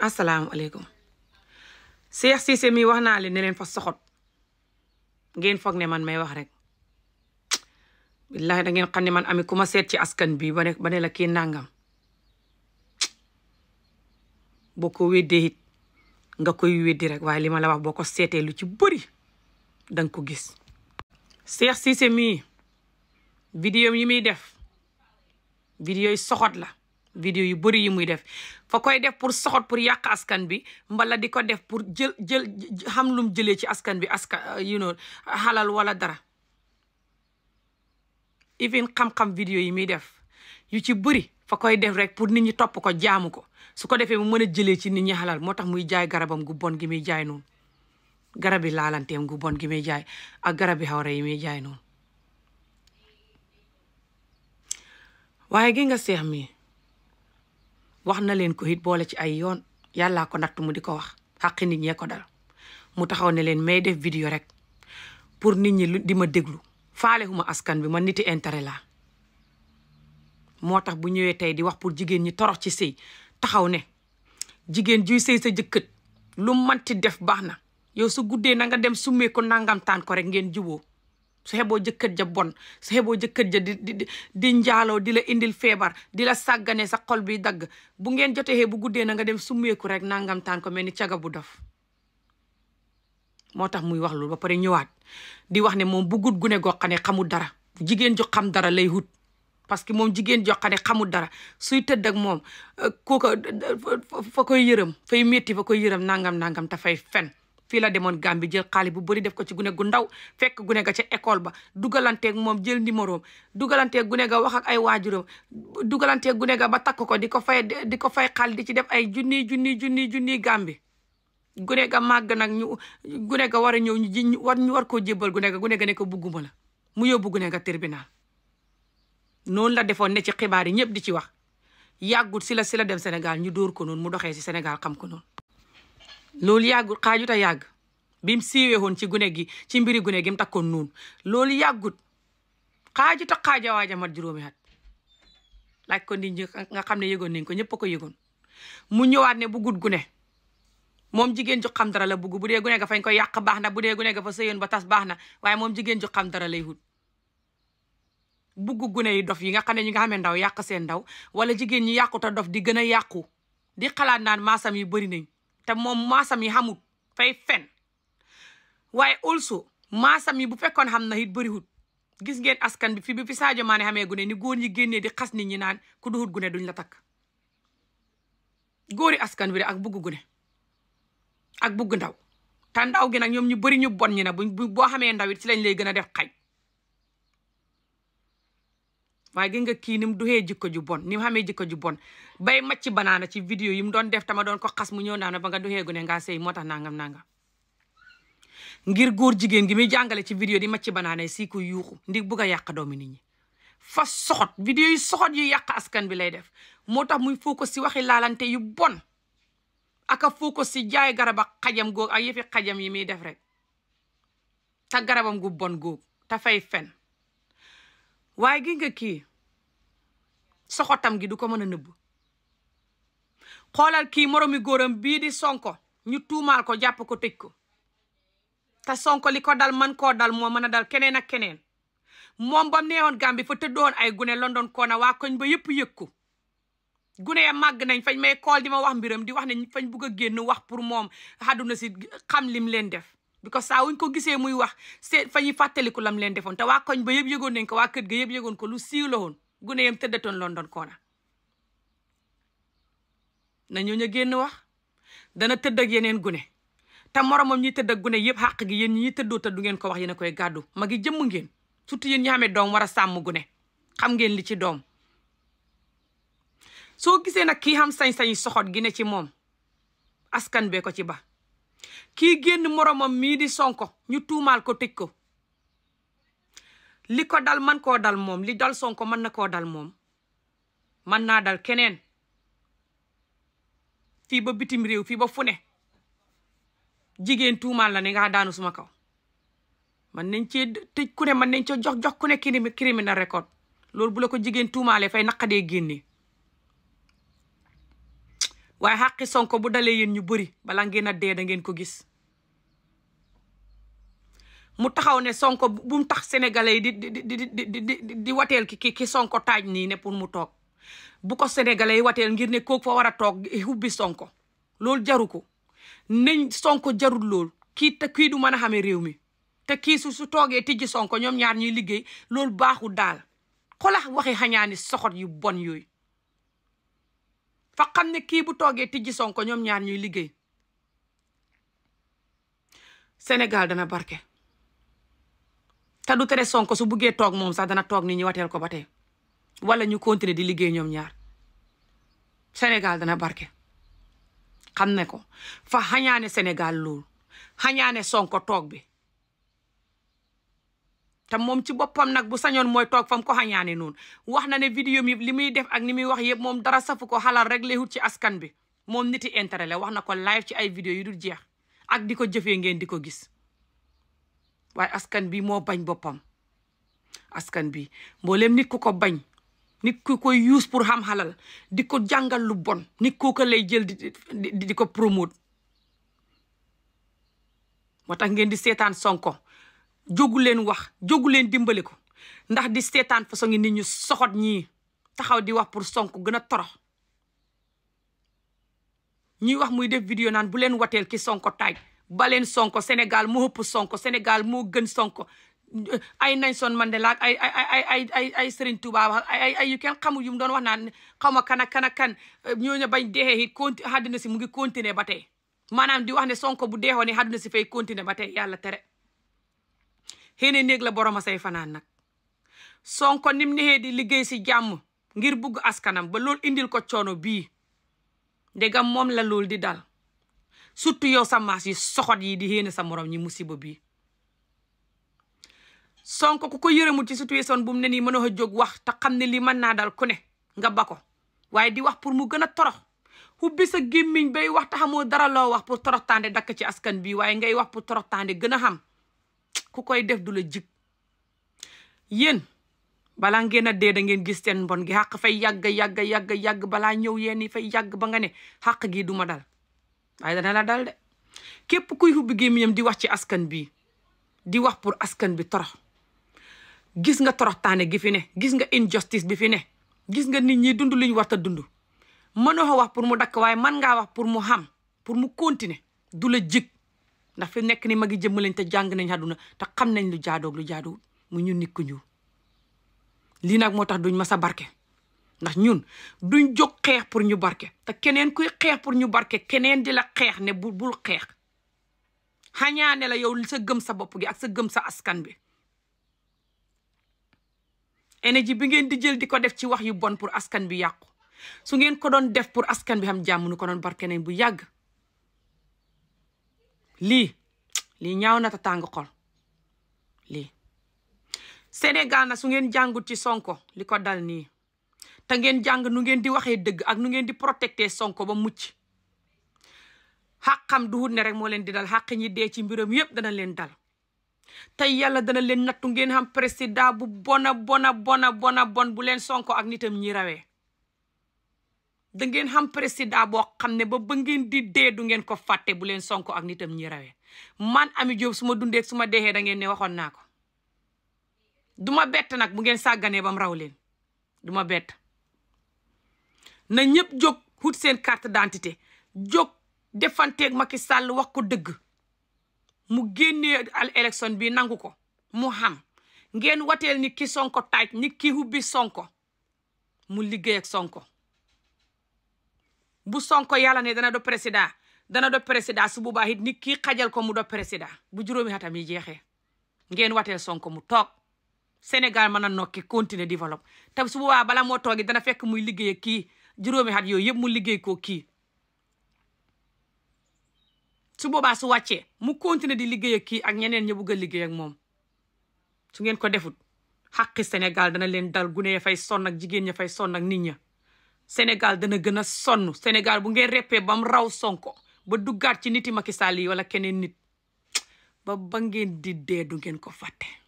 asalaamualeykum Cheikh Cissé mi wax naa leen ne fa soxot ngeen foog ne man may wax rek billahi da ngeen xam ne man ami ku ma seet ci askan bii ba ne ba ne la kii nangam boo ko weddee it nga koy weddi rek waaye li ma la wax boo ko seetee lu ci bëri danga ko gis seex Cissé mii vidéo yi muy def vidéo yi soxot la vidéo yu bëri yi muy def foo koy def pour soxot pour yàq askan bi mbala di ko def pour jël jël xam lum jëlee ci askan bi askan euh, you know xalal wala dara even xam-xam vidéo yi muy def yu ci bëri fa koy def rek pour nit ñi topp ko jaamu ko su ko defee mu mën a jëlee ci nit ñi xalal moo tax muy jaay garabam gu bon gi muy jaay noonu garab yi laalanteem gu bon gi muy jaay ak garab yi xawra yi muy jaay noonu waaye gi nga seex mi wax na leen ko it boole ci ay yoon yàllaa ko natt mu di ko wax xaqi nit ñee ko dal mu taxaw ne leen may def vidéo rek pour nit ñi di ma déglu faalewuma askan bi man niti intérêt laa moo tax bu ñëwee tey di wax pour jigéen ñi torox ci sëy taxaw ne jigéen ji sëy sa jëkkët lu manti def baax na yow su guddee na nga dem summee ko nangam taan ko rek ngeen juboo su xeboo jëkkër ja bon su xeboo jëkkër ja di di di njaaloo di la indil feebar di la sàggane sa xol bi dagg bu ngeen jotee bu guddee na nga dem summeeku rek nangam taan ko mel ni caga bu dof moo tax muy wax loolu ba pare ñëwaat di wax ne moom bu gudd gune goo xam ne xamul dara jigéen ju xam dara lay wut parce que moom jigéen jox xam ne xamul dara suy tëdd ak moom euh, kooka euh, fa koy yërëm fay métti fa koy yërëm nangam nangam te fay fen fii la demoon Gambie jël xaalis bu bëri def ko ci gune gu ndaw fekk gune ga ca école ba dugalanteek moom jël numéroom dugalanteeg gune ga wax ak ay waajuram dugalanteeg gune ga ba takk ko di ko fay di ko fay xaalis di ci def ay junni junni junni junniy Gambie gune ga màgg nag ñu gune ga war a ñëw ñu ji ñu war ñu war koo jébbal gune ga gune ga ne ko bugguma la mu yóbbu gune ga tribunal noonu la defoon ne ci xibaar yi ñëpp di ci wax yàggut si la si la dem senegal ñu dóor ko noonu mu doxee ci senegal xam ko noonu loolu yàggul xaajut ta yàgg bim mu siiwee ci gune gi ci mbiri gune gi mu takkoon noonu loolu yàggut xaajut a xaaja waaja mat juróomi at laaj ko nit ñi nga xam ne yëgoon nañ ko ñëpp ko yëgoon mu ñëwaat ne bu gudd gune moom jigéen ju xam dara la bugg bu dee gune ga fañ ko yàq baax na bu dee gune ga fa sëyoon ba tas baax na waaye moom jigéen ju xam dara lay wut bugg gune yi dof yi nga xam ne ñi nga xam ne ndaw yàq seen ndaw wala jigéen ñi yàquta dof di gën a yàqu di xalaat naan maasam yi bëri nañ te moom maasam yi xamut fay fen waaye also maasam yi bu fekkoon xam na it bëriwut gis ngeen askan bi fi bi fi Sadio Mané xamee gune ni góor ñi génnee di xas ni ñi naan ku duhut gune duñ la takk góori askan bi de ak bugg gune ak bugg ndaw te ndaw gi nag ñoom ñu bari ñu bon ñi ne bu boo xamee ndaw it ci lañ lay gën a def xañ waaye gis nga kii ni mu duxee jikko ju bon ni mu xamee jikko ju bon bay macc banaana ci vidéo yi mu doon def tama doon ko xas mu ñëw naa ne ba nga duxee gune ngaa sëy moo tax nangam nangam ngir góor jigéen gi muy jàngale ci vidéo di macc banaana si ko yuuxu ndi bugg a yàq doomi nit ñi fa soxot vidéo yu soxot yu yàq askan bi lay def moo tax muy focus si waxi laalante yu bon aka focus si jaay garaba xajam góog ak yëfi xajam yi muy def rek te garabam gu bon góog te fen waaye gi nga kii soxotam gi du ko mën a nëbb xoolal kii moromi góoram bii di sonko ñu tuumaal ko jàpp ko tëj ko te sonko li ko dal man koo dal moo mën a dal keneen ak keneen moom bam neewoon Gambie fa tëddoon ay gune London koona waa koñ ba yëpp yëg ko gune ya màgg nañ fañ may kool di ma wax mbiram di wax ne fañ bugg a génn wax pour moom àdduna si xam lim leen def because saa wuñ ko gisee muy wax seet fa ñuy fàttaliku lam leen defoon te waa koñ ba yëpp yëgoon nañ ko waa kër ga yëpp yegoon ko lu siiw la woon gune yam tëddatoon London koona na ñoo ñu wax dana tëdd yeneen gune te moromam ñi tëdd gune yëpp xàq gi yéen ñi tëddoo ta du ngeen ko wax yéen a koy gàddu magi jëmm ngeen surtout yéen ñi xamee doom war a sàmm gune xam ngeen li ci doom soo gisee nag kii xam sañ-sañi soxot gi ne ci moom askan bee ko ci ba kii génn moromam mii di sonko ñu tuumaal ko tëj ko li ko dal man koo dal moom li dal sonko mën na koo dal moom mën naa dal keneen fii ba bitim réew fii ba fu ne jigéen tuumaal la ne gaa daanu suma kaw man nañ cee tëj ku ne man nañ cee jox jox ku ne criminal record loolu bu la ko jigéen tuumaalee fay naqadee génne waaye xàqi sonko bu dalee yéen ñu bari bala ngeen a dee da ngeen ko gis mu taxaw ne sonko bu tax sénégalais yi di di di di di di ki ki sonko taaj nii ne pour mu toog bu ko sénégalais yi wateel ngir ne kooku fa war a toog hubbi sonko loolu jaru ko nañ sonko jarul lool kii te kii du mën a xamee réew mi te kii su su toogee tijji sonko ñoom ñaar ñuy liggéey loolu baaxul daal xola waxi xañaani soxot yu bon yooyu fa xam ne kii bu toogee tijji sonko ñoom ñaar ñuy liggéey Sénégal dana barke te du tere Sonko su buggee toog moom sax dana toog ni ñu wateel ko ba tey wala ñu continuer di liggéey ñoom ñaar senegal dana barke xam ne ko fa xañaane senegal lool xañaane Sonko toog bi te moom ci boppam nag bu sañoon mooy toog fam ko xañaane noonu wax na ne vidéo mi li muy def ak ni muy wax yëpp moom dara safu ko xalaat rek lay wut ci askan bi moom niti intérêt la wax na ko live ci ay vidéo yu dul jeex ak di ko jëfee ngeen di ko gis waaye askan bi moo bañ boppam askan bi mboolem nit ko bañ nit ku koy use pour xam xalal di ko jàngal lu bon nit ko lay jël di ko promote moo tax ngeen di seetaan sonko jógu leen wax jógu leen dimbali ko ndax di seetaan façon ngi nit ñu soxot ñi taxaw di wax pour sonk gën a torox ñuy wax muy de vidéo naan bu leen wateel ki sonko taaj baleen Sonko Sénégal mu ëpp Sonko Sénégal moo gën Sonko ay Nelson Mandela man de ay ay ay ay ay Serigne Touba ay ay yu kenn xamul yu mu doon wax naan xaw ma kan ak kan ak kan ñooñu bañ deexee it conti si mu ngi continuer ba tey maanaam di wax ne Sonko bu deexoo ne àddina si fay continuer ba tey yàlla tere. xëy néeg la borom a say fanaan nag Sonko nim nexee di liggéey si jàmm ngir bugg askanam ba loolu indil ko coono bii ndegam moom la loolu di dal. surtout yow sa maas yi soxot yi di yéene sa moroom ñi musiba bi Sonko ku ko yërëmul ci situation bu mu ne nii mën jog wax te xam ne lii mën naa dal ku ne nga ba ko waaye di wax pour mu gën a torox ubbi sa gémmiñ bay wax te xamoo dara loo wax pour torox tànde dakk ci askan bi waaye ngay wax pour torox tànde gën a xam ku koy def du la jig yéen balaa ngeen a dee da ngeen gis seen mbon gi xàq fay yàgg yàgg yàgg yàgg balaa ñëw yéen fay yàgg ba nga ne xàq gi du ma dal waaye dana la dal de képp kuy xubbi gémmiñam di wax ci askan bi di wax pour askan bi torox gis nga torox taane gi fi ne gis nga injustice bi fi ne gis nga nit ñi dund luñ war a dund mënoo wax pour mu dakk waaye man ngaa wax pour mu xam pour mu continuer du la jig ndax fi nekk ni magi jëmm lañ te jàng nañ àdduna te xam nañ lu jaadoog lu jaadoog mu ñu nit ku ñuul lii nag moo tax duñ ma sa barke ndax ñun duñ jóg xeex pour ñu barke te keneen kuy xeex pour ñu barke keneen di la xeex ne bu bul xeex xañaane la yow sa gëm sa bopp gi ak sa gëm sa askan bi énergie bi ngeen di jël di ko def ci wax yu bon pour askan bi yàqu su ngeen ko doon def pour askan bi xam jàmm nu ko doon barke nañ bu yàgg lii lii ñaaw na ta tàng xol lii Sénégal na su ngeen jàngut ci Sonko li ko dal nii te ngeen jàng nu ngeen di waxee dëgg ak nu ngeen di protecté Sonko ba mucc xàqam duhut ne rek moo leen di dal xàq ñi dee ci mbiram yëpp dana leen dal tey yàlla dana leen nattu ngeen xam président bu bona bona bona bona bon bu leen Sonko ak nitam ñi rawee da ngeen xam président bo xam ne ba ba ngeen di dee du ngeen ko fàtte bu leen Sonko ak nitam ñi rawee man Ami Diop su ma dundee su ma deexee da ngeen ne waxoon naa ko duma bett nag bu ngeen sàgganee bam raw leen duma bett na ñëpp jóg wut seen carte d'identité jog defanteeg Macky Sall wax ko dëgg mu génnee al élection bi nangu ko mu xam ngeen wateel niki sonko taaj ni ki hubbi sonko mu liggéey ak sonko bu sonko yàlla ne dana do président dana do président su boobaa it ni kii xajal ko mu do président bu juróomi xatam yi jeexee ngeen wateel sonko mu toog Sénégal mën na nokki continuer développe te su bala moo toogi dana fekk muy liggéey ak kii juróomi at yooyu yëpp mu liggéey koo kii su boobaa su wàccee mu continuer di liggéey ak kii ak ñeneen ña bugg liggéey ak moom su ngeen ko defut xaqi Sénégal dana leen dal gune ya fay sonn ak jigéen ña fay sonn ak nit ña Sénégal dana gën a sonn Sénégal bu ngeen reppee bam raw Sonko ba duggaat ci niti Macky Sall yi wala keneen nit ba ba ngeen di dee du ngeen ko fàtte